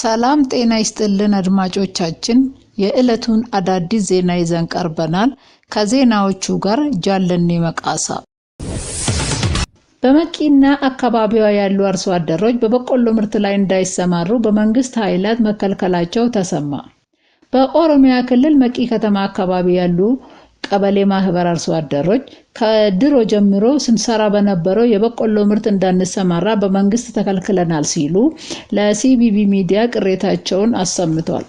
ሰላም ጤና ይስጥልን አድማጮቻችን፣ የዕለቱን አዳዲስ ዜና ይዘን ቀርበናል። ከዜናዎቹ ጋር ጃለኔ መቃሳ። በመቂና አካባቢዋ ያሉ አርሶ አደሮች በበቆሎ ምርት ላይ እንዳይሰማሩ በመንግስት ኃይላት መከልከላቸው ተሰማ። በኦሮሚያ ክልል መቂ ከተማ አካባቢ ያሉ ቀበሌ ማህበር አርሶ አደሮች ከድሮ ጀምሮ ስንሰራ በነበረው የበቆሎ ምርት እንዳንሰማራ በመንግስት ተከልክለናል ሲሉ ለሲቢቢ ሚዲያ ቅሬታቸውን አሰምቷል።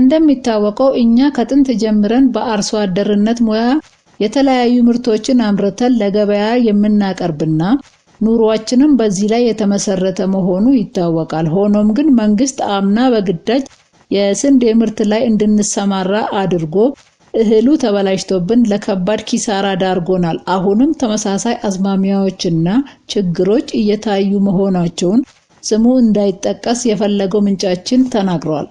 እንደሚታወቀው እኛ ከጥንት ጀምረን በአርሶ አደርነት ሙያ የተለያዩ ምርቶችን አምርተን ለገበያ የምናቀርብና ኑሯችንም በዚህ ላይ የተመሰረተ መሆኑ ይታወቃል። ሆኖም ግን መንግስት አምና በግዳጅ የስንዴ ምርት ላይ እንድንሰማራ አድርጎ እህሉ ተበላሽቶብን ለከባድ ኪሳራ ዳርጎናል። አሁንም ተመሳሳይ አዝማሚያዎችና ችግሮች እየታዩ መሆናቸውን ስሙ እንዳይጠቀስ የፈለገው ምንጫችን ተናግሯል።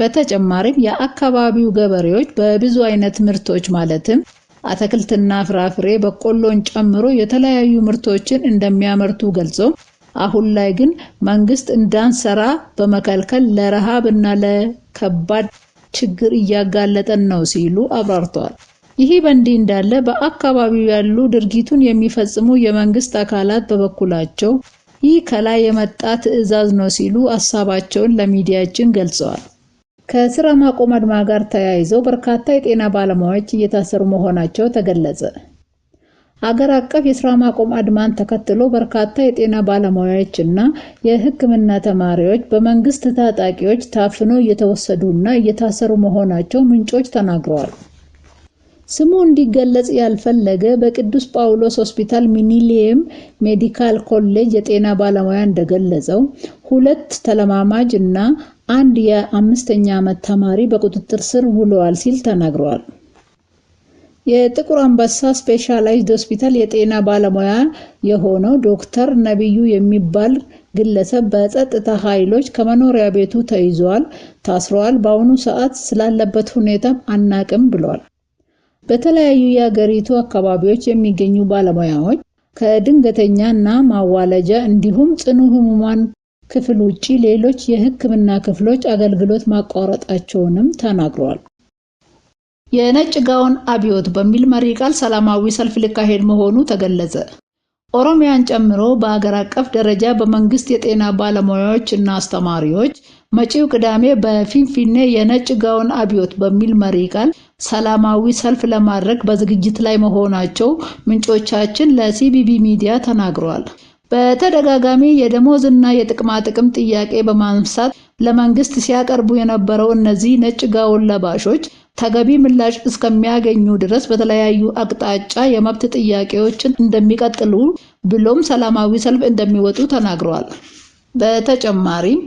በተጨማሪም የአካባቢው ገበሬዎች በብዙ አይነት ምርቶች ማለትም አትክልትና ፍራፍሬ፣ በቆሎን ጨምሮ የተለያዩ ምርቶችን እንደሚያመርቱ ገልጾ አሁን ላይ ግን መንግስት እንዳንሰራ በመከልከል ለረሃብ እና ለከባድ ችግር እያጋለጠን ነው ሲሉ አብራርተዋል። ይህ በእንዲህ እንዳለ በአካባቢው ያሉ ድርጊቱን የሚፈጽሙ የመንግስት አካላት በበኩላቸው ይህ ከላይ የመጣ ትዕዛዝ ነው ሲሉ ሀሳባቸውን ለሚዲያችን ገልጸዋል። ከስራ ማቆም አድማ ጋር ተያይዘው በርካታ የጤና ባለሙያዎች እየታሰሩ መሆናቸው ተገለጸ። አገር አቀፍ የስራ ማቆም አድማን ተከትሎ በርካታ የጤና ባለሙያዎች እና የሕክምና ተማሪዎች በመንግስት ታጣቂዎች ታፍኖ እየተወሰዱ እና እየታሰሩ መሆናቸው ምንጮች ተናግረዋል። ስሙ እንዲገለጽ ያልፈለገ በቅዱስ ጳውሎስ ሆስፒታል ሚኒሊየም ሜዲካል ኮሌጅ የጤና ባለሙያ እንደገለጸው ሁለት ተለማማጅ እና አንድ የአምስተኛ ዓመት ተማሪ በቁጥጥር ስር ውለዋል ሲል ተናግረዋል። የጥቁር አንበሳ ስፔሻላይዝድ ሆስፒታል የጤና ባለሙያ የሆነው ዶክተር ነቢዩ የሚባል ግለሰብ በጸጥታ ኃይሎች ከመኖሪያ ቤቱ ተይዟል፣ ታስሯል፣ በአሁኑ ሰዓት ስላለበት ሁኔታም አናቅም ብሏል። በተለያዩ የአገሪቱ አካባቢዎች የሚገኙ ባለሙያዎች ከድንገተኛ እና ማዋለጃ እንዲሁም ጽኑ ህሙማን ክፍል ውጪ ሌሎች የህክምና ክፍሎች አገልግሎት ማቋረጣቸውንም ተናግረዋል። የነጭ ጋውን አብዮት በሚል መሪ ቃል ሰላማዊ ሰልፍ ሊካሄድ መሆኑ ተገለጸ። ኦሮሚያን ጨምሮ በአገር አቀፍ ደረጃ በመንግስት የጤና ባለሙያዎች እና አስተማሪዎች መጪው ቅዳሜ በፊንፊኔ የነጭ ጋውን አብዮት በሚል መሪ ቃል ሰላማዊ ሰልፍ ለማድረግ በዝግጅት ላይ መሆናቸው ምንጮቻችን ለሲቢቢ ሚዲያ ተናግረዋል። በተደጋጋሚ የደሞዝ እና የጥቅማ ጥቅም ጥያቄ በማንሳት ለመንግስት ሲያቀርቡ የነበረው እነዚህ ነጭ ጋውን ለባሾች ተገቢ ምላሽ እስከሚያገኙ ድረስ በተለያዩ አቅጣጫ የመብት ጥያቄዎችን እንደሚቀጥሉ ብሎም ሰላማዊ ሰልፍ እንደሚወጡ ተናግረዋል። በተጨማሪም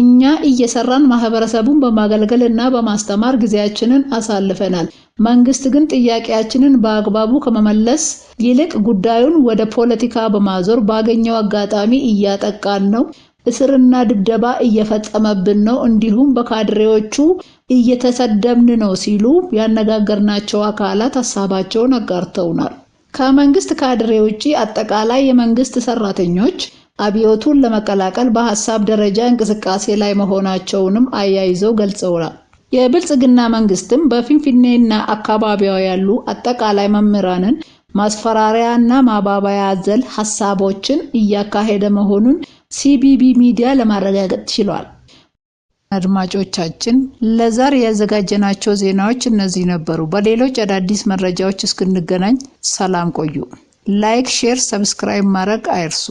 እኛ እየሰራን ማህበረሰቡን በማገልገል እና በማስተማር ጊዜያችንን አሳልፈናል። መንግስት ግን ጥያቄያችንን በአግባቡ ከመመለስ ይልቅ ጉዳዩን ወደ ፖለቲካ በማዞር ባገኘው አጋጣሚ እያጠቃን ነው። እስርና ድብደባ እየፈጸመብን ነው፣ እንዲሁም በካድሬዎቹ እየተሰደብን ነው ሲሉ ያነጋገርናቸው አካላት ሀሳባቸውን አጋርተውናል። ከመንግስት ካድሬ ውጪ አጠቃላይ የመንግስት ሰራተኞች አብዮቱን ለመቀላቀል በሀሳብ ደረጃ እንቅስቃሴ ላይ መሆናቸውንም አያይዘው ገልጸውናል። የብልጽግና መንግስትም በፊንፊኔና አካባቢዋ ያሉ አጠቃላይ መምህራንን ማስፈራሪያና ማባባያ አዘል ሀሳቦችን እያካሄደ መሆኑን ሲቢቢ ሚዲያ ለማረጋገጥ ችሏል። አድማጮቻችን ለዛሬ ያዘጋጀናቸው ዜናዎች እነዚህ ነበሩ። በሌሎች አዳዲስ መረጃዎች እስክንገናኝ ሰላም ቆዩ። ላይክ፣ ሼር፣ ሰብስክራይብ ማድረግ አይርሱ።